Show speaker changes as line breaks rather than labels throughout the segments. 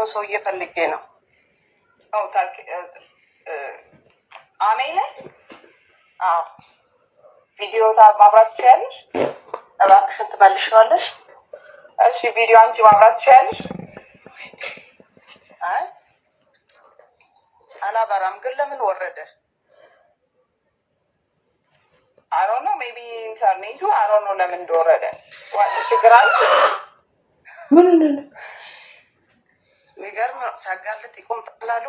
የሚችለው ሰውዬ ፈልጌ ነው። አሜን። ቪዲዮ ማብራት ትችያለሽ። እባክሽን ትመልሸዋለሽ። እሺ፣ ቪዲዮ አንቺ ማብራት ትችያለሽ። አይ አላበራም። ግን ለምን ወረደ? አሮ ነው ሜቢ ኢንተርኔቱ አሮ ነው ለምን እንደወረደ ችግር አለ ምን የሚገርም ነው። ሲያጋልጥ ይቆምጣላሉ።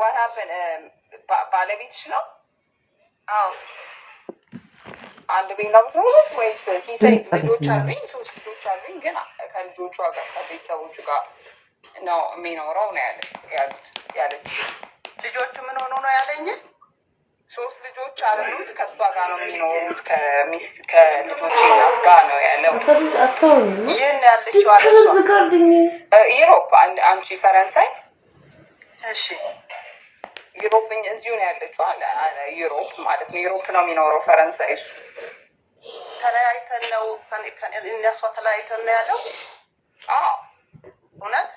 ዋናብን um, ባለቤትሽ ነው? አዎ አንድ ቤት ነው የምትኖሩት ወይስ? ሂሳይ ልጆች አሉኝ፣ ሶስት ልጆች አሉኝ። ግን ከልጆቹ ጋር ከቤተሰቦቹ ጋር ነው የሚኖረው ነው ያለች። ልጆቹ ምን ሆኖ ነው ያለኝ ሶስት ልጆች አሉት። ከእሷ ጋር ነው የሚኖሩት። ከሚስት ከልጆች ጋር ነው ያለው። ይህን ያለችው አለ ዩሮፕ፣ አንቺ ፈረንሳይ፣ እሺ ዩሮፕ፣ እዚሁ ነው ያለችው አለ ዩሮፕ ማለት ነው። ዩሮፕ ነው የሚኖረው ፈረንሳይ። እሱ ተለያይተን ነው እነሷ ተለያይተን ነው ያለው። እውነት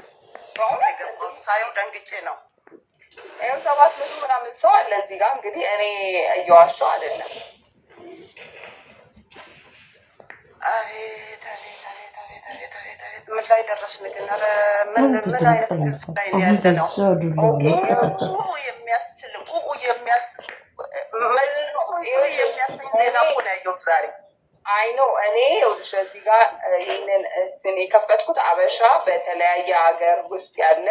በአሁኑ ሳየው ደንግጬ ነው ይኸው ሰባት መቶ ምናምን ሰው አለ እዚህ ጋር እንግዲህ እኔ እየዋሸሁ አይደለም። አቤት አቤት አቤት አቤት አቤት አቤት አቤት ምን ላይ ደረስን ግን? ኧረ ምን ምን አይነት ገጽ ላይ ነው ያለ ነው? ቁቁ የሚያስችል ቁቁ የሚያስ መጭ የሚያሰኝ ሌላ እኮ ነው ያየሁት ዛሬ አይኖ እኔ ይኸውልሽ እዚህ ጋር ይህንን እንትን የከፈትኩት አበሻ በተለያየ ሀገር ውስጥ ያለ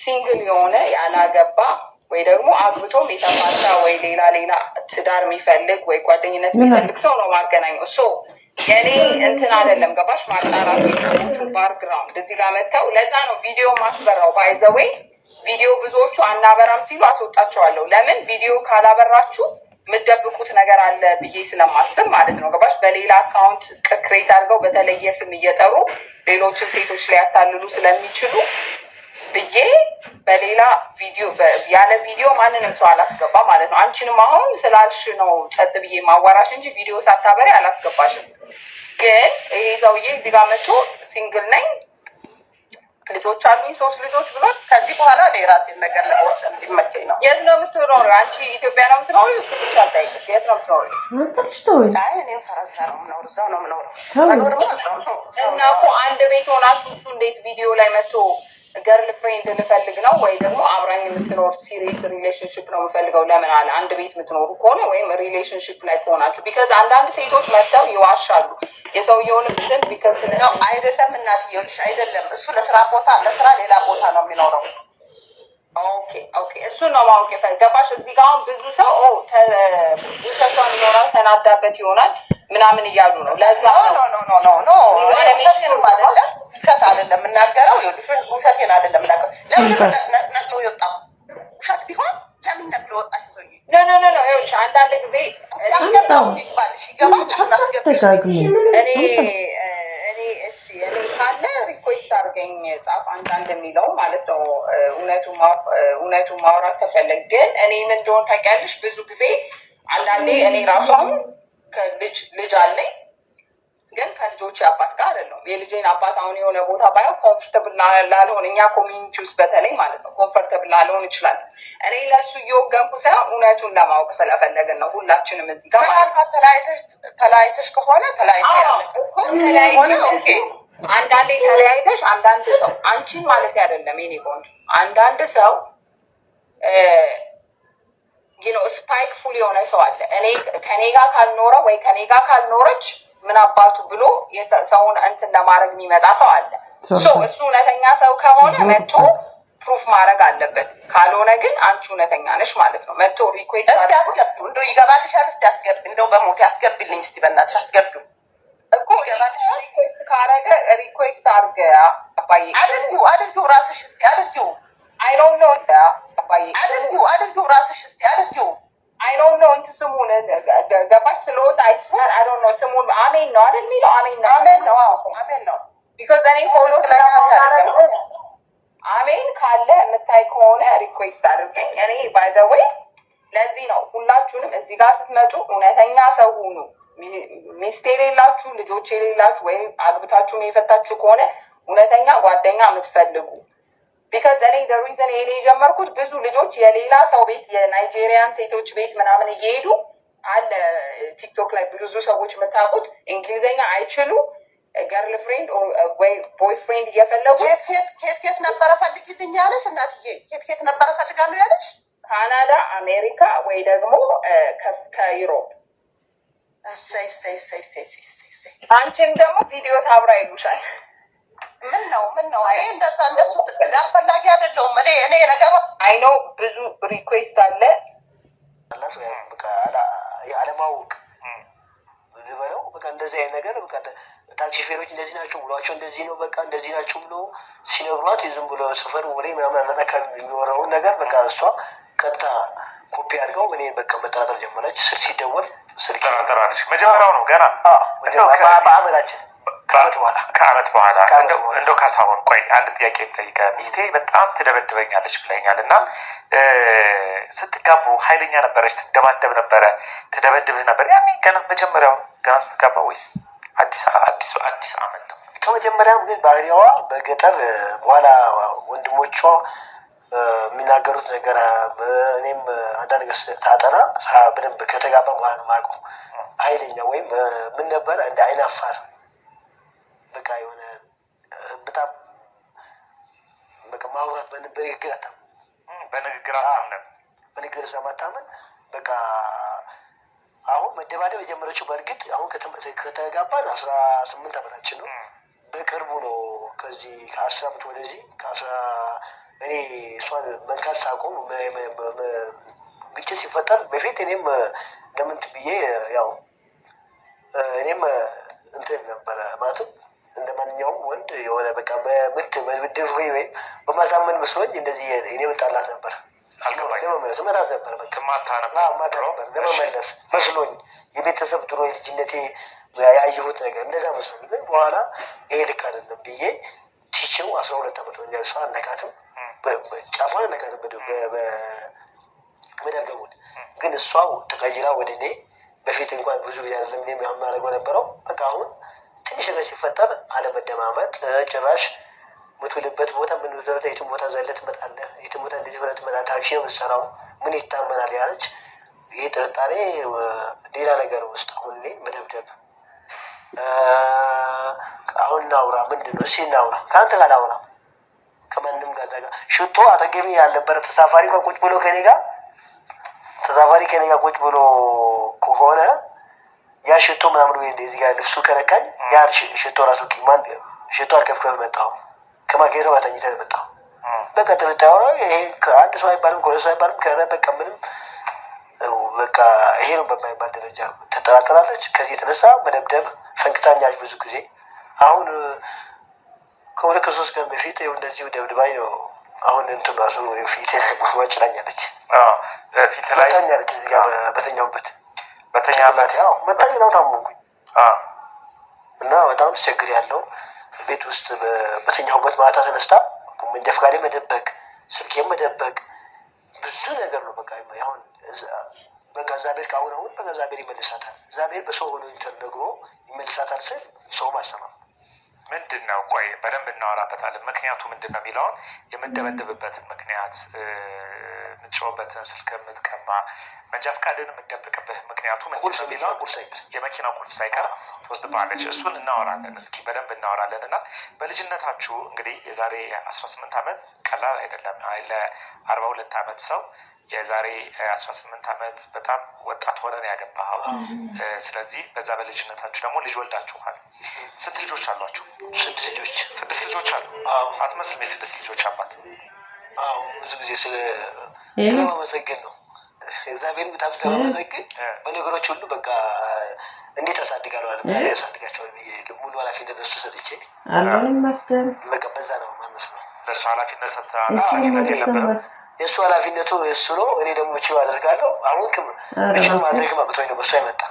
ሲንግል የሆነ ያላገባ ወይ ደግሞ አግብቶም የተፋታ ወይ ሌላ ሌላ ትዳር የሚፈልግ ወይ ጓደኝነት የሚፈልግ ሰው ነው ማገናኘው። ሶ የኔ እንትን አይደለም ገባሽ? ማጣራት ሰዎቹ ባርግራውንድ እዚህ ጋር መጥተው ለዛ ነው ቪዲዮ ማስበራው ባይዘወይ ቪዲዮ ብዙዎቹ አናበራም ሲሉ አስወጣቸዋለሁ። ለምን ቪዲዮ ካላበራችሁ የምደብቁት ነገር አለ ብዬ ስለማስብ ማለት ነው። ገባሽ? በሌላ አካውንት ቅክሬት አድርገው በተለየ ስም እየጠሩ ሌሎችን ሴቶች ሊያታልሉ ስለሚችሉ ብዬ በሌላ ቪዲዮ ያለ ቪዲዮ ማንንም ሰው አላስገባ ማለት ነው። አንቺንም አሁን ስላልሽ ነው ጸጥ ብዬ ማዋራሽ እንጂ ቪዲዮ ሳታበሪ አላስገባሽም። ግን ይሄ ሰውዬ እዚህ ጋር መቶ ሲንግል ነኝ ልጆች አሉኝ ሶስት ልጆች ብሎ ከዚህ በኋላ እኔ የራሴን ነገር ለመወሰን እንዲመቸኝ ነው። የት ነው የምትኖሪው? አንቺ ኢትዮጵያ ነው የምትኖሪው? እሱ ብቻ አልጠይቅሽ። የት ነው የምትኖሪው? አይ እኔም ፈረንሳይ ነው የምኖረው፣ እዛው ነው የምኖረው። መኖርማ ነው እና እኮ አንድ ቤት ሆናችሁ እሱ እንዴት ቪዲዮ ላይ መጥቶ ገርል ፍሬንድ ልፈልግ ነው ወይ ደግሞ አብራኝ የምትኖር ሲሪየስ ሪሌሽንሽፕ ነው የምፈልገው። ለምን አለ አንድ ቤት የምትኖሩ ከሆነ ወይም ሪሌሽንሽፕ ላይ ከሆናችሁ፣ ቢካዝ አንዳንድ ሴቶች መጥተው ይዋሻሉ የሰውየውን ብትል ቢካዝ ነው አይደለም፣ እናትየውልሽ አይደለም እሱ ለስራ ቦታ ለስራ ሌላ ቦታ ነው የሚኖረው ኦኬ ኦኬ፣ እሱ ነው ማወቅ የፈል ገባሽ። እዚህ ጋር አሁን ብዙ ሰው ኦ ውሸቷን ይኖራል ተናዳበት ይሆናል ምናምን እያሉ ነው። ለዛ ውሸት አይደለም የምናገረው ውሸቴን አይደለም የምናገረው። ለምን ነቅሎ የወጣ ውሸት ቢሆን ለምን ነቅሎ ወጣ? አንዳንድ ጊዜ ይገባል። እኔ እኔ እሺ እኔ ካለ ሪኩዌስት አድርገኝ ጻፍ አንዳንድ የሚለው ማለት ነው። እውነቱ ማውራት ከፈለግ ግን እኔ ምን እንደሆነ ታውቂያለሽ፣ ብዙ ጊዜ አንዳንዴ እኔ ራሷም ከልጅ ልጅ አለኝ ግን ከልጆች አባት ጋር አይደለም። የልጄን አባት አሁን የሆነ ቦታ ባየው ኮንፈርተብል ላልሆን እኛ ኮሚኒቲ ውስጥ በተለይ ማለት ነው ኮንፈርተብል ላልሆን ይችላል። እኔ ለሱ እየወገንኩ ሳይሆን እውነቱን ለማወቅ ስለፈለግን ነው። ሁላችንም እዚህ ጋር ተለያይተሽ ከሆነ ተለያይተሽ አንዳንዴ ተለያይተሽ አንዳንድ ሰው አንቺን ማለት አይደለም የኔ ቆንጆ፣ አንዳንድ ሰው ነው ስፓይክ ፉል የሆነ ሰው አለ። እኔ ከኔ ጋር ካልኖረ ወይ ከኔ ጋር ካልኖረች ምን አባቱ ብሎ ሰውን እንትን ለማድረግ የሚመጣ ሰው አለ። ሶ እሱ እውነተኛ ሰው ከሆነ መጥቶ ፕሩፍ ማድረግ አለበት። ካልሆነ ግን አንቺ እውነተኛ ነሽ ማለት ነው። መጥቶ ሪኩዌስት እስኪ አስገቡ እንደው ይገባልሻል። እስኪ አስገብ እንደው በሞት ያስገብልኝ እስኪ በእናትሽ አስገቢው ካረገ ሪኩዌስት አርገ አባዬ አድርጊ አድርጊ ራስሽ እስቲ አድርጊ። አይ ዶንት ኖ አባዬ አድርጊ አድርጊ ራስሽ እስቲ አድርጊ። አይ ዶንት ኖ እንትን ስሙን ገባሽ ስለወጥ አይ ስዌር አይ ዶንት ኖ ስሙን አሜን ነው አይደል የሚለው አሜን ነው አሜን ነው አሜን ነው ቢኮዝ እኔ ፎሎ አሜን ካለ የምታይ ከሆነ ሪኩዌስት አድርገኝ። እኔ ባይ ዘ ወይ ለዚህ ነው ሁላችሁንም እዚህ ጋር ስትመጡ እውነተኛ ሰው ሁኑ። ሚስት የሌላችሁ ልጆች የሌላችሁ ወይም አግብታችሁም የፈታችሁ ከሆነ እውነተኛ ጓደኛ የምትፈልጉ ቢካዝ እኔ ደ ሪዘን ይሄን የጀመርኩት ብዙ ልጆች የሌላ ሰው ቤት የናይጄሪያን ሴቶች ቤት ምናምን እየሄዱ አለ ቲክቶክ ላይ ብዙ ሰዎች የምታውቁት እንግሊዝኛ አይችሉ ገርል ፍሬንድ ወይ ቦይ ፍሬንድ እየፈለጉ ኬት ኬት ነበረ ፈልጊልኝ ያለሽ እናትዬ፣ ኬት ኬት ነበረ ፈልጋለሁ ያለሽ ካናዳ፣ አሜሪካ ወይ ደግሞ uh, ከዩሮፕ አንቺም ደግሞ ቪዲዮ ታብራ ይሉሻል። ምን ነው ምን ነው እንደዛ እንደሱ ፈላጊ አይደለሁም እኔ እኔ ነገር አይኖ ብዙ ሪኩዌስት አለ አላት ወይም በቃ የአለማወቅ ልበለው በቃ እንደዚህ አይነት ነገር በቃ ታክሲ ፌሮች እንደዚህ ናቸው እንደዚህ ነው በቃ እንደዚህ ናቸው ብሎ ሲነግሯት ዝም ብሎ ሰፈር ወሬ ምናምን አንዳንድ አካባቢ የሚወራውን ነገር በቃ እሷ ቀጥታ ኮፒ አድርገው እኔ በቃ መጠራጠር ጀመረች ስር ሲደወል ጠራጠራ መጀመሪያው ነው ገና በአመታችን ከአመት በኋላ እንደው ካሳሁን፣ ቆይ አንድ ጥያቄ ልጠይቀህ። ሚስቴ በጣም ትደበድበኛለች ብለኛል እና ስትጋቡ ኃይለኛ ነበረች፣ ትደባደብ ነበረ፣ ትደበድብህ ነበር። ያ ገና መጀመሪያው ገና ስትጋባ ወይስ አዲስ አዲስ አዲስ አመት ነው? ከመጀመሪያም ግን ባህሪዋ በገጠር በኋላ ወንድሞቿ የሚናገሩት ነገር እኔም አንዳንድ ነገር ሳጠና በደንብ ከተጋባ በኋላ ነው የማውቀው። ኃይለኛ ወይም ምን ነበር እንደ አይን አፋር በቃ የሆነ በጣም በቃ ማውራት በንግግር አታም በንግግር አታምንም በንግግር ስለማታምን በቃ አሁን መደባደብ የጀመረችው በእርግጥ አሁን ከተጋባን አስራ ስምንት አመታችን ነው። በቅርቡ ነው ከዚህ ከአስር ዓመት ወደዚህ ከአስራ እኔ እሷን መንካት ሳቆም ግጭት ሲፈጠር በፊት እኔም ለምንት ብዬ ያው እኔም እንትን ነበረ ማለትም እንደ ማንኛውም ወንድ የሆነ በቃ በምት በድብ ወይ በማሳመን መስሎኝ እንደዚህ እኔ ምጣላት ነበር ለመመለስ መታት ነበር ማታ ነበር ለመመለስ መስሎኝ የቤተሰብ ድሮ የልጅነቴ ያየሁት ነገር እንደዛ መስሎኝ፣ ግን በኋላ ይሄ ልክ አይደለም ብዬ ቲችው አስራ ሁለት አመት ሆኛል። እሷ አነቃትም ጫፏን አነካከበት መደብደቡን። ግን እሷ ተቀይራ ወደ እኔ በፊት እንኳን ብዙ ጊዜ አይደለም እኔም የማደርገው ነበረው። በቃ አሁን ትንሽ ነገር ሲፈጠር አለመደማመጥ ጭራሽ ምትውልበት ቦታ ምን ዘረታ የትን ቦታ ዘለ ትመጣለህ፣ የትን ቦታ እንደዚህ ሆነ ትመጣ፣ ታክሲ ነው የምትሰራው፣ ምን ይታመናል ያለች። ይህ ጥርጣሬ ሌላ ነገር ውስጥ አሁን እኔ መደብደብ አሁን እናውራ ምንድን ነው እስኪ እናውራ ከአንተ ጋር ላውራ ከማንም ጋር ጠጋ ሽቶ አጠገቤ ያልነበረ ተሳፋሪ እንኳ ቁጭ ብሎ ከኔ ጋር ተሳፋሪ ከኔ ጋር ቁጭ ብሎ ከሆነ ያ ሽቶ ምናምን ወይ እንደዚህ ጋር ልብሱ ከነካኝ ያ ሽቶ ራሱ ማን ሽቶ አልከፍከፍ መጣሁ ከማጌቶ ጋር ተኝተህ መጣሁ። በቃ ጥርጣሬ ሆነ። ይሄ ከአንድ ሰው አይባልም ከሁለት ሰው አይባልም ከረ በቃ ምንም በቃ ይሄ ነው በማይባል ደረጃ ተጠራጠራለች። ከዚህ የተነሳ መደብደብ ፈንክታኛች ብዙ ጊዜ አሁን ከሁለት ከሶስት ቀን በፊት ው እንደዚሁ ደብድባኝ ነው። አሁን እንትን ራሱ ፊት ጭላኛለች ፊት ላይ መታኛለች። እዚህ ጋር በተኛሁበት በተኛላት መታኝ ነው ታሞኩኝ እና በጣም ስቸግር ያለው ቤት ውስጥ በተኛሁበት ማታ ተነስታ መንደፍጋዴ መደበቅ፣ ስልኬ መደበቅ ብዙ ነገር ነው። በቃ ሁን በቃ እግዚአብሔር ከአሁን አሁን በቃ እግዚአብሔር ይመልሳታል። እግዚአብሔር በሰው ሆኖ ተነግሮ ይመልሳታል ስል ሰው አሰማም ምንድን ነው? ቆይ በደንብ እናወራበታለን። ምክንያቱ ምንድን ነው የሚለውን የምደበደብበትን ምክንያት የምንጨውበትን ስልክ የምትቀማ መንጃ ፈቃድን የምንደብቅብህ ምክንያቱ የመኪናው ቁልፍ ሳይቀር ባለች እሱን እናወራለን። እስኪ በደንብ እናወራለን እና በልጅነታችሁ እንግዲህ የዛሬ አስራ ስምንት ዓመት ቀላል አይደለም ለአርባ ሁለት ዓመት ሰው የዛሬ 18 ዓመት በጣም ወጣት ሆነን ያገባኸው። ስለዚህ በዛ በልጅነታችሁ ደግሞ ልጅ ወልዳችኋል። ስንት ልጆች አሏችሁ? ስድስት ልጆች። ስድስት ልጆች አሉ። አትመስልም የስድስት ልጆች አባት። ብዙ ጊዜ ስለማመሰግን ነው እግዚአብሔርን በጣም ስለማመሰግን በነገሮች ሁሉ በቃ እንዴት አሳድጋለሁ አለ ዛሬ ያሳድጋቸዋል ብዬ ሙሉ ኃላፊነት ለእሱ ሰጥቼ በቃ በዛ ነው ማንመስለው ለእሱ ኃላፊነት ሰጥተ ኃላፊነት የለብህም የእሱ ኃላፊነቱ የእሱ ነው። እኔ ደግሞ ችሎ አደርጋለሁ። አሁን ክም ምችል ማድረግ መብቶኝ ነው። በሱ አይመጣ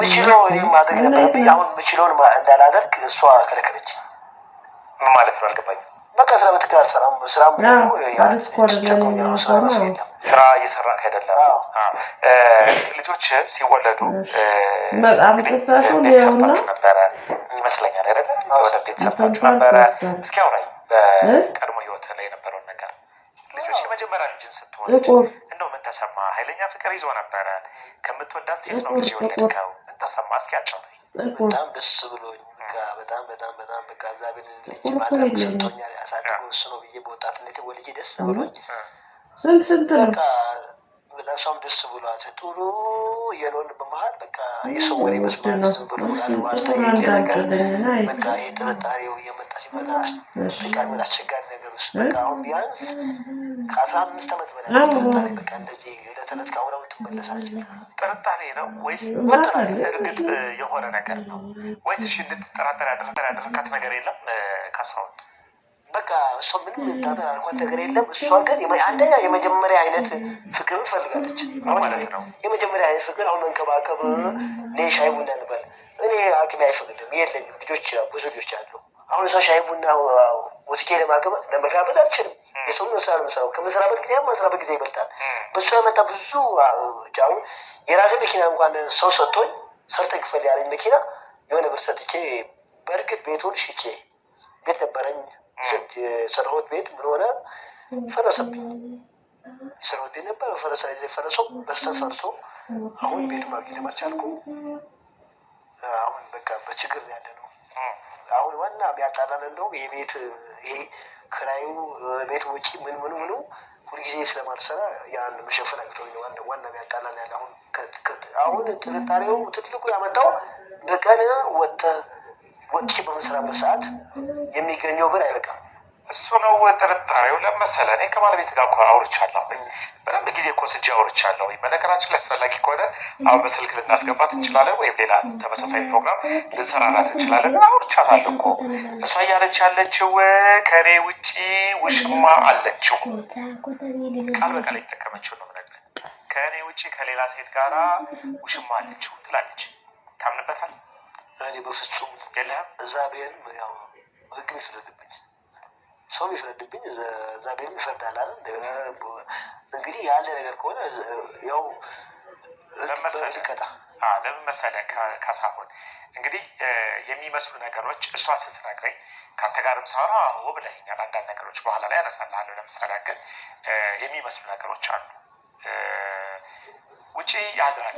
ምችለው እኔ ማድረግ ነበረብኝ። አሁን ምችለውን እንዳላደርግ እሷ ከለከለች። ምን ማለት ነው አልገባኝ። በቃ ስራ በትክክል አልሰራም። ስራ ስራ እየሰራ አይደለም። ልጆች ሲወለዱ ቤት ሰርታችሁ ነበረ ይመስለኛል አይደለ? ወደ ቤት ሰርታችሁ ነበረ። እስኪ አውራኝ በቀድሞ ህይወት ላይ የነበረው ልጆች የመጀመሪያ ልጅን ስትወልድ እንደው ምን ተሰማ? ኃይለኛ ፍቅር ይዞ ነበረ። ከምትወዳት ሴት ነው ልጅ የወለድከው። ምን ተሰማ? እስኪ አጫውተኝ። በጣም ደስ ብሎኝ በቃ በጣም በጣም በጣም በቃ እግዚአብሔር ልጅ ማድረግ ሰጥቶኛል። ያሳድጎ እሱ ነው ብዬ በወጣትነት ወልጄ ደስ ብሎኝ ስንት ስንት በቃ ብላ እሷም ደስ ብሏት ጥሩ የሎን በመሀል በቃ የሰው ወሬ መስማት ዝም ብሎ ማስታየት ነገር በቃ የጥርጣሬው እየመጣ ሲመጣ በቃ ወደ አስቸጋሪ ነገር ውስጥ በቃ አሁን ቢያንስ ከአስራ አምስት ዓመት በላይ ጥርጣሬ በቃ እንደዚህ ዕለት ዕለት ከአሁን የምትመለሳቸው ጥርጣሬ ነው ወይስ እርግጥ የሆነ ነገር ነው ወይስ እሺ እንድትጠራጠር ያደረካት ነገር የለም ካሳሁን? በቃ እሷ ምንም ታጠር አልኳት ነገር የለም። እሷ ግን አንደኛ የመጀመሪያ አይነት ፍቅርን ትፈልጋለች ማለት ነው። የመጀመሪያ አይነት ፍቅር አሁን መንከባከብ እኔ ሻይ ቡና እንበል እኔ አቅሜ አይፈቅድም የለኝም። ልጆች ብዙ ልጆች አሉ። አሁን እሷ ሻይ ቡና ወትቼ ለማቅመ ለመጋበጥ አልችልም። የሰው ስራ ለመስራው ከመስራበት ጊዜ መስራበት ጊዜ ይበልጣል። በእሷ የመጣ ብዙ አሁን የራሴ መኪና እንኳን ሰው ሰጥቶኝ ሰርተ ክፈል ያለኝ መኪና የሆነ ብር ሰጥቼ በእርግጥ ቤቱን ሽጬ ቤት ነበረኝ ዘንድ የሰራሁት ቤት ምን ሆነ? ፈረሰብኝ። የሰራሁት ቤት ነበር ፈረሳ ዜ ፈረሰው በስተት ፈርሶ አሁን ቤቱ ማግኘት መቻልኩ። አሁን በቃ በችግር ያለ ነው። አሁን ዋና የሚያጣላን እንደውም ይሄ ቤት ይሄ ክራዩ ቤት ውጪ ምን ምኑ ምኑ ሁልጊዜ ስለማልሰራ ያን መሸፈን አቅቶ ዋና ዋና የሚያጣላን ያለ አሁን አሁን ጥርጣሬው ትልቁ ያመጣው በቀን ወጥተህ ወጥቼ በምንሰራበት ሰዓት የሚገኘው ብር አይበቃም። እሱ ነው ጥርጣሬው። ለመሰለ እኔ ከባለቤት ጋር እኮ አውርቻለሁ፣ በደንብ ጊዜ እኮ ስጄ አውርቻለሁ። በነገራችን ላይ አስፈላጊ ከሆነ አሁን በስልክ ልናስገባት እንችላለን፣ ወይም ሌላ ተመሳሳይ ፕሮግራም ልንሰራላት እንችላለን። አውርቻታለሁ እኮ እሷ እያለች ያለችው ከኔ ውጪ ውሽማ አለችው፣ ቃል በቃል የተጠቀመችው ነው። ከእኔ ውጪ ከሌላ ሴት ጋራ ውሽማ አለችው ትላለች። ታምንበታል እኔ በፍጹም የለህም። እዛ ብሔርም ያው ህግ ይፍረድብኝ፣ ሰው ይፍረድብኝ፣ እዛ ብሔርም ይፈርዳል አይደል? እንግዲህ ያለ ነገር ከሆነ ያው ልቀጣ ለምን መሰለህ ካሳሁን፣ እንግዲህ የሚመስሉ ነገሮች እሷ ስትነግረኝ ከአንተ ጋርም ሳወራ አዎ ብለኸኛል። አንዳንድ ነገሮች በኋላ ላይ አነሳልሃለሁ። ለምሳሌ ግን የሚመስሉ ነገሮች አሉ ውጪ ያድራል።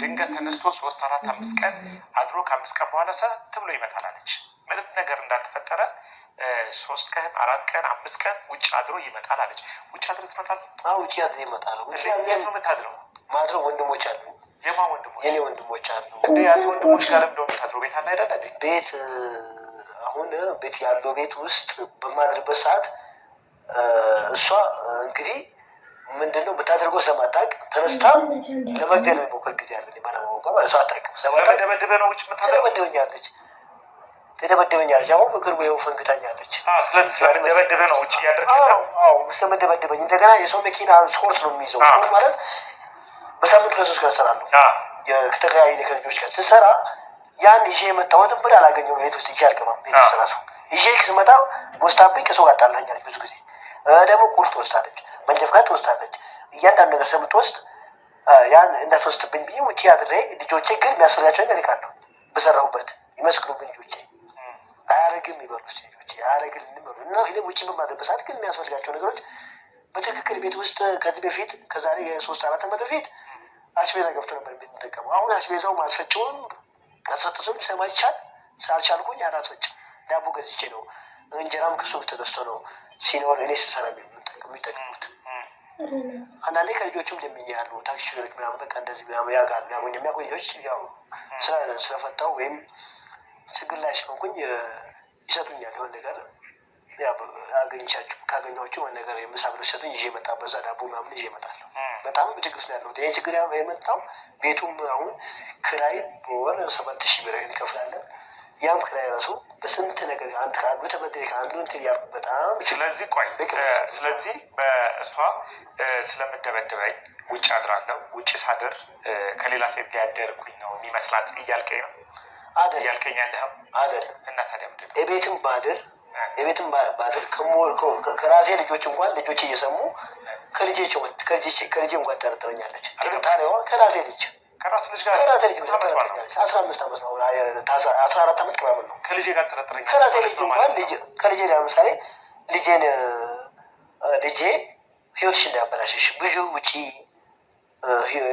ድንገት ተነስቶ ሶስት አራት አምስት ቀን አድሮ ከአምስት ቀን በኋላ ሰት ብሎ ይመጣል አለች። ምንም ነገር እንዳልተፈጠረ ሶስት ቀን አራት ቀን አምስት ቀን ውጭ አድሮ ይመጣል አለች። ውጭ አድሮ ትመጣል። ውጭ አድሮ ይመጣል። የት ነው የምታድረው? ማድረው ወንድሞች አሉ። የማ ወንድሞች? የኔ ወንድሞች አሉ። እንደ ያንተ ወንድሞች ጋር ለምደ የምታድረው? ቤት አለ አይደለ? ቤት አሁን ቤት ያለው ቤት ውስጥ በማድርበት ሰዓት እሷ እንግዲህ ምንድነው ብታደርገው ስለማታቅ ተነስታ ለመግደል የሚሞክር ጊዜ አለ። ባለማወቋ እሷ አታውቅም። ስለመደበደበ ነው ውጭ ስለመደበኛለች፣ ተደበደበኛለች። አሁን በቅርቡ ይኸው ፈንግታኛለች። ስለመደበደበ ነው ውጭ ስለመደበደበኝ። እንደገና የሰው መኪና ስፖርት ነው የሚይዘው። ማለት በሳምንት ለሶስት ሶስት ቀን እሰራለሁ ከተለያዩ ከልጆች ጋር ስሰራ ያን ይዤ የመጣሁትን ብር አላገኘሁም። ቤት ውስጥ ይዤ አልገባም። ቤት ውስጥ ራሱ ይዤ ስመጣ ወስታብኝ ከሰው ጋር አጣላኛለች። ብዙ ጊዜ ደግሞ ቁርጥ ወስዳለች። መንደፍ ጋር ትወስዳለች። እያንዳንዱ ነገር ስለምትወስድ ያን እንዳትወስድብኝ ብዬ ውጭ አድሬ ልጆቼ ግን የሚያስፈልጋቸው ነገር ይቃለሁ በሰራሁበት ይመስክሩብኝ ልጆቼ አያረግም ይበሉ ስ ልጆቼ አያረግልንም ይበሉ እና ይህ ውጭ በማድረግ በሰዓት ግን የሚያስፈልጋቸው ነገሮች በትክክል ቤት ውስጥ ከዚህ በፊት ከዛሬ የሶስት አራት ዓመት በፊት አስቤዛ ገብቶ ነበር የምንጠቀሙ። አሁን አስቤዛው ማስፈጭውም ሰማ ይቻል ሳልቻልኩኝ አላስፈጭም። ዳቦ ገዝቼ ነው እንጀራም ክሱ ተገዝቶ ነው ሲኖር እኔ ስሰራ ነው የሚጠቅሙት። አንዳንዴ ከልጆችም ደምያሉ ታክሲ ሹፌሮች ምናምን በቃ እንደዚህ ምናምን ያጋሉ ያጎኝ የሚያቆኝ ልጆች ያው ስለፈታው ወይም ችግር ላይ ስለሆንኩኝ ይሰጡኛል የሆነ ነገር አገኝቻቸው ካገኘኋቸው የሆነ ነገር ምሳ ብለው ሲሰጡኝ ይዤ እመጣ በዛ ዳቦ ምናምን ይዤ እመጣለሁ። በጣም ችግር ስላለሁት ይህ ችግር የመጣው ቤቱም አሁን ክራይ በወር ሰባት ሺህ ብር እንከፍላለን። ያም ምክንያት ራሱ በስንት ነገር አንድ ከአንዱ ተበደለ ከአንዱ እንትን ያልኩ በጣም ስለዚህ ቆይ ስለዚህ በእሷ ስለምደበደበኝ ውጭ አድራለሁ ውጭ ሳድር ከሌላ ሴት ጋር ያደርኩኝ ነው የሚመስላት እያልከኝ ነው አደል እያልከኝ ያለኸው አደል እና ታዲያ ምንድን ነው የቤትም ባድር የቤትም ባድር ከራሴ ልጆች እንኳን ልጆች እየሰሙ ከልጄ እንኳን ጠርጥረኛለች ጥርጣሬዋ ከራሴ ልጅ ከራስ ልጅ ጋር ከራስ ልጅ አስራ አምስት አመት ነው አስራ አራት ዓመት ቅባምን ነው ከልጄ ጋር ከራሴ ልጅ እንኳን ከልጄ ልጄን ልጄ ህይወትሽ እንዳያበላሽሽ ብዙ ውጪ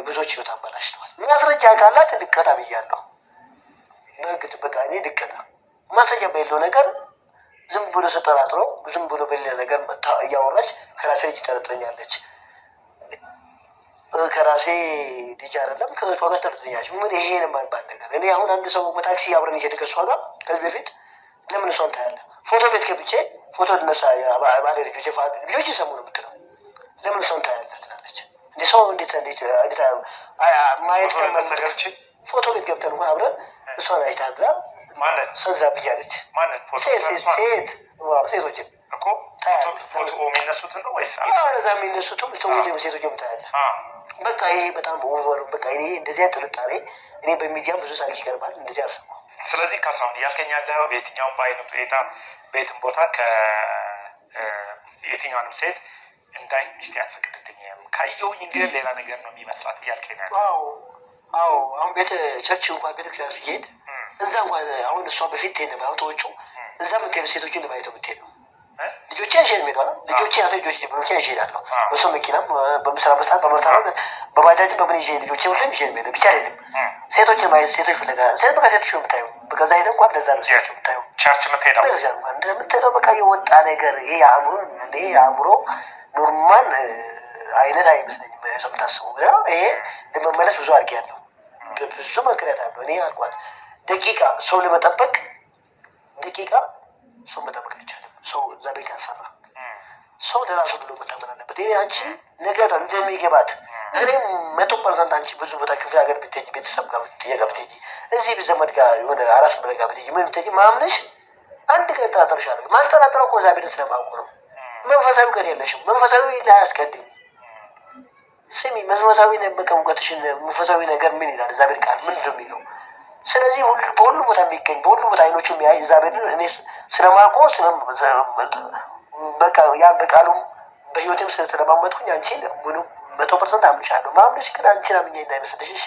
ብዙዎች ህይወት አበላሽተዋል። ማስረጃ ካላት ልቀጣ ብያለሁ። እኔ ልቀጣ ማስረጃ በሌለው ነገር ዝም ብሎ ተጠራጥሮ ዝም ብሎ በሌላ ነገር እያወራች ከራሴ ልጅ ጠረጥረኛለች። ከራሴ ልጅ አይደለም ከእህቷ ጋር ጠርጥኛች ምን ይሄን የማይባል ነገር እኔ አሁን አንድ ሰው በታክሲ አብረን እየሄድ ከእሷ ጋር ከዚህ በፊት ለምን እሷን ታያለ ፎቶ ቤት ከብቼ ፎቶ ልነሳ ባለ ልጆች ልጆች የሰሙ ነው ምትለው ለምን እሷን ታያለህ ትላለች። እንደ ሰው እንዴት እንዴት ማየት ፎቶ ቤት ገብተን እንኳን አብረን እሷን አይታላ ሰዛ ብያለች። ሴት ሴቶች ታያለ እኮ ፎቶ የሚነሱትን ነው ወይስ እዛ የሚነሱትም ሰዎች ሴቶች ታያለ በቃ ይሄ በጣም ኦቨር በቃ ይሄ እንደዚህ አይነት ጥርጣሬ እኔ በሚዲያም ብዙ ሰዓት ይቀርባል እንደዚህ አልሰማሁም። ስለዚህ ከሳሁን እያልከኝ ያለው በየትኛውም በአይነት ሁኔታ በየትም ቦታ ከየትኛውንም ሴት እንዳይ ሚስቴ አትፈቅድልኝም ካየሁኝ ግን ሌላ ነገር ነው የሚመስላት እያልከኝ ያለ አዎ አዎ። አሁን ቤተ ቸርች እንኳን ቤተ ቤተክርስቲያን ሲሄድ እዛ እንኳን አሁን እሷ በፊት ትሄድ ነበር። አውቶዎቹ ተወጪው እዛ የምትሄዱ ሴቶችን ለማየት ነው ልጆቼን ይዤ የሚሄደው ነው። ልጆቼን ሰ ልጆች ብሎቼን ይዤ እሄዳለሁ። በሱ መኪናም በምስራ ሰዓት በመርታ በባጃጅ በምን ይ ልጆቼ ሁሌም ይዤ የሚሄደው ብቻ አይደለም። ሴቶችን ማየት ሴቶች ፍለጋ ሴት በቃ ሴቶች ነው የምታየው። በቃ እዛ ሄደህ እንኳን ለዛ ነው ሴቶች የምታየው። ቸርች የምትሄደው እንደምትሄደው በቃ የወጣ ነገር ይሄ የአእምሮ ይሄ የአእምሮ ኖርማል አይነት አይመስለኝም። ሰው የምታስበው ይሄ ለመመለስ ብዙ ያለው ብዙ ምክንያት አለው። እኔ አልኳት ደቂቃ ሰው ለመጠበቅ ደቂቃ ሰው መጠበቅ አይቻልም። ሰው ዛሬ ካልሰራ ሰው ለራሱ ብሎ መታመን አለበት። ይሄ አንቺ ነገር እንደሚገባት እኔም መቶ ፐርሰንት አንቺ ብዙ ቦታ ክፍለ ሀገር ብትሄጂ ቤተሰብ ጋር ብትጠየቅ ብትሄጂ እዚህ ብዘመድ ጋር የሆነ አራስ ብረጋ ብትሄጂ ምን ብትሄጂ ማምነሽ አንድ ቀን ጠራጠርሻለሁ። ማልጠራጠረው እኮ እግዚአብሔርን ስለማውቁ ነው። መንፈሳዊ እውቀት የለሽም። መንፈሳዊ ላያስቀድም ስሚ፣ መንፈሳዊ ነበቀ እውቀትሽን መንፈሳዊ ነገር ምን ይላል? እግዚአብሔር ቃል ምንድን ነው የሚለው? ስለዚህ ሁሉ በሁሉ ቦታ የሚገኝ በሁሉ ቦታ አይኖች የሚያይ እግዚአብሔርን እኔ ስለማውቀው በቃ ያ በቃሉም በህይወቴም ስለተለማመጥኩኝ አንቺን ሙሉ መቶ ፐርሰንት አምንሻለሁ። ማምንሽ ግን አንቺን አምኜ እንዳይመስልሽ እሺ።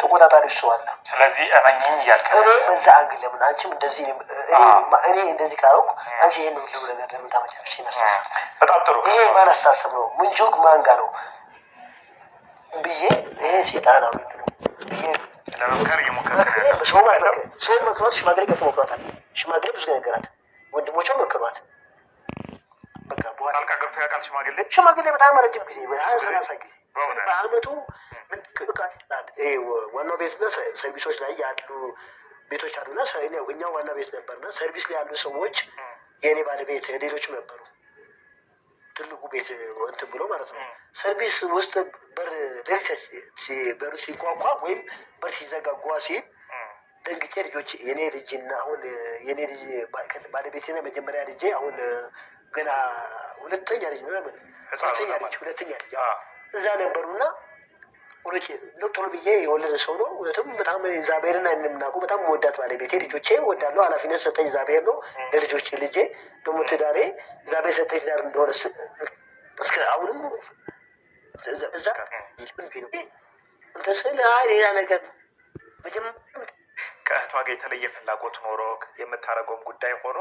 ተቆጣጣሪ እሱዋለ። ስለዚህ እመኝኝ እያልክ እኔ በዛ አንግል ለምን አንቺም እንደዚህ እኔ እንደዚህ ካልኩ አንቺ ይህን ሁሉ ነገር ለምን ታመጫለሽ? ይመስላል በጣም ጥሩ። ይሄ ማን አሳሰብ ነው? ምንጭ ማንጋ ነው ብዬ ይሄ ሴጣናዊ ነው ብዬ ለመምከር እየሞከርክ ሰው መክሯት፣ ሽማግሌ ገብቶ መክሯታል። ሽማግሌ ብዙ ነገራት፣ ወንድሞቿ መክሯት። ጣልቃ ገብቶ ያውቃል ሽማግሌ። ሽማግሌ በጣም ረጅም ጊዜ ሰላሳ ጊዜ በአመቱ ዋናው ቤትና ሰርቪሶች ላይ ያሉ ቤቶች አሉና እኛ ዋና ቤት ነበርና ሰርቪስ ላይ ያሉ ሰዎች የእኔ ባለቤት ሌሎችም ነበሩ። ትልቁ ቤት እንትን ብሎ ማለት ነው ሰርቪስ ውስጥ በር በሩ ሲቋቋ ወይም በር ሲዘጋጓ ሲል ደንግጬ ልጆች የኔ ልጅና አሁን የኔ ልጅ ባለቤቴና መጀመሪያ ልጄ አሁን ገና ሁለተኛ ልጅ ምናምን ሁለተኛ ልጅ ሁለተኛ ልጅ እዛ ነበሩና ቶሎ ብዬ የወለደ ሰው ነው። እውነትም በጣም እግዚአብሔርን የምናውቁ በጣም ወዳት ባለቤቴ ልጆቼ ወዳለው ኃላፊነት ሰጠኝ እግዚአብሔር ነው ለልጆቼ ልጄ ደግሞ ትዳሬ እግዚአብሔር ሰጠኝ ትዳር እንደሆነ እስከ አሁንም ከእህቷ ጋር የተለየ ፍላጎት ኖሮ የምታደርገውም ጉዳይ ሆኖ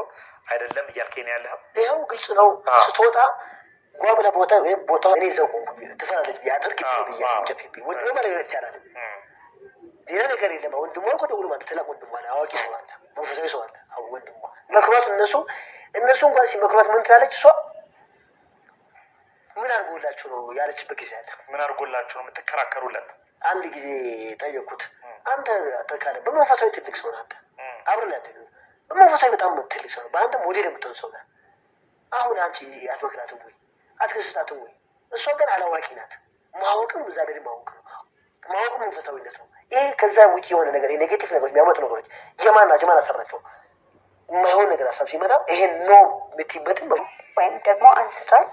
አይደለም እያልከኝ ነው ያለኸው። ይኸው ግልጽ ነው። ስትወጣ ጓብለ ቦታ ወይም ቦታ እኔ ዘቁ ትፈላለች የአጥር ግቢ ነው ወንድ መለገ ይቻላል። ሌላ ነገር የለም። ወንድሞ እኮ ደውሎ ትላቅ ወንድሟ አለ፣ አዋቂ ሰው አለ፣ መንፈሳዊ ሰው አለ። ወንድሟ መክሯት እነሱ እነሱ እንኳን ሲመክሯት ምን ትላለች እሷ ምን አድርጎላችሁ ነው ያለችበት ጊዜ አለ። ምን አድርጎላችሁ ነው የምትከራከሩለት? አንድ ጊዜ ጠየቅኩት። አንተ ተካለ በመንፈሳዊ ትልቅ ሰው ነህ። አንተ አብረን ያደግን በመንፈሳዊ በጣም ትልቅ ሰው ነው። በአንተ ሞዴል የምትሆን ሰው ነህ። አሁን አንቺ አትመክራትም ወይ አትገስጻትም ወይ? እሷ ግን አላዋቂ ናት። ማወቅም እዛ ደ ማወቅ ነው። ማወቅም መንፈሳዊነት ነው። ይሄ ከዛ ውጭ የሆነ ነገር የኔጌቲቭ ነገሮች የሚያመጡ ነገሮች የማን ናቸው? ማን አሰራቸው? የማይሆን ነገር ሀሳብ ሲመጣ ይሄን ኖ ብትይበትም ወይም ደግሞ አንስቷል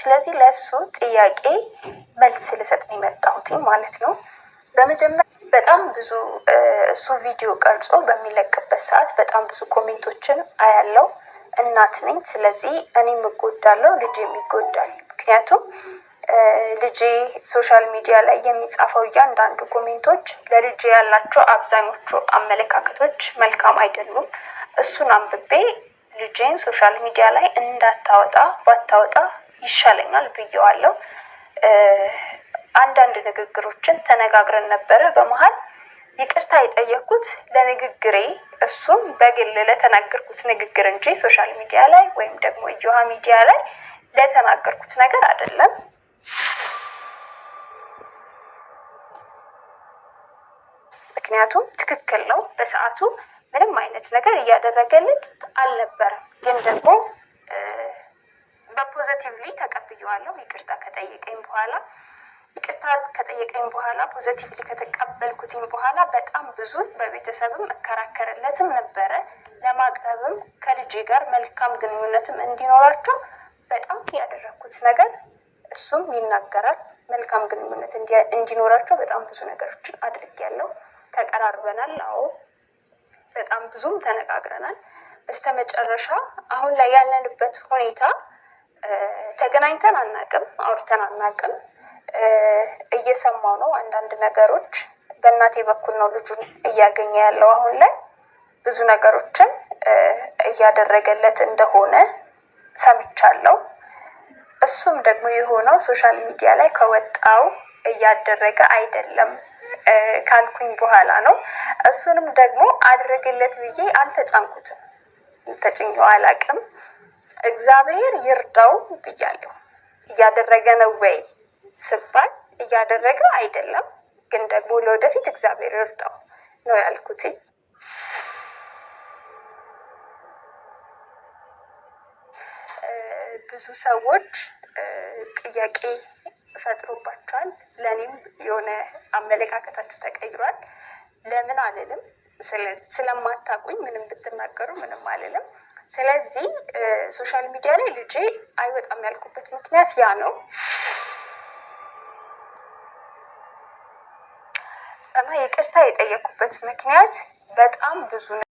ስለዚህ ለእሱ ጥያቄ መልስ ልሰጥ ነው የመጣሁት ማለት ነው። በመጀመሪያ በጣም ብዙ እሱ ቪዲዮ ቀርጾ በሚለቅበት ሰዓት በጣም ብዙ ኮሜንቶችን አያለው። እናት ነኝ፣ ስለዚህ እኔም እጎዳለሁ፣ ልጄም ይጎዳል። ምክንያቱም ልጄ ሶሻል ሚዲያ ላይ የሚጻፈው እያንዳንዱ ኮሜንቶች ለልጄ ያላቸው አብዛኞቹ አመለካከቶች መልካም አይደሉም። እሱን አንብቤ ልጄን ሶሻል ሚዲያ ላይ እንዳታወጣ ባታወጣ ይሻለኛል ብየዋለው። አንዳንድ ንግግሮችን ተነጋግረን ነበረ። በመሀል ይቅርታ የጠየኩት ለንግግሬ እሱም በግል ለተናገርኩት ንግግር እንጂ ሶሻል ሚዲያ ላይ ወይም ደግሞ እዮሃ ሚዲያ ላይ ለተናገርኩት ነገር አይደለም። ምክንያቱም ትክክል ነው። በሰዓቱ ምንም አይነት ነገር እያደረገልን አልነበረም። ግን ደግሞ በፖዘቲቭሊ ተቀብየዋለሁ። ይቅርታ ከጠየቀኝ በኋላ ይቅርታ ከጠየቀኝ በኋላ ፖዘቲቭሊ ከተቀበልኩትኝ በኋላ በጣም ብዙ በቤተሰብም እከራከርለትም ነበረ ለማቅረብም ከልጄ ጋር መልካም ግንኙነትም እንዲኖራቸው በጣም ያደረግኩት ነገር እሱም ይናገራል። መልካም ግንኙነት እንዲኖራቸው በጣም ብዙ ነገሮችን አድርጌያለሁ። ተቀራርበናል። አዎ በጣም ብዙም ተነጋግረናል። በስተመጨረሻ አሁን ላይ ያለንበት ሁኔታ ተገናኝተን አናቅም፣ አውርተን አናቅም። እየሰማው ነው አንዳንድ ነገሮች። በእናቴ በኩል ነው ልጁን እያገኘ ያለው አሁን ላይ ብዙ ነገሮችን እያደረገለት እንደሆነ ሰምቻለሁ። እሱም ደግሞ የሆነው ሶሻል ሚዲያ ላይ ከወጣው እያደረገ አይደለም ካልኩኝ በኋላ ነው። እሱንም ደግሞ አድርግለት ብዬ አልተጫንኩትም፣ ተጭኘው አላቅም። እግዚአብሔር ይርዳው ብያለሁ። እያደረገ ነው ወይ ስባል እያደረገ አይደለም፣ ግን ደግሞ ለወደፊት እግዚአብሔር ይርዳው ነው ያልኩትኝ። ብዙ ሰዎች ጥያቄ ፈጥሮባቸዋል። ለእኔም የሆነ አመለካከታቸው ተቀይሯል። ለምን አልልም፣ ስለማታቁኝ ምንም ብትናገሩ ምንም አልልም። ስለዚህ ሶሻል ሚዲያ ላይ ልጄ አይወጣም ያልኩበት ምክንያት ያ ነው እና ይቅርታ የጠየኩበት ምክንያት በጣም ብዙ ነው።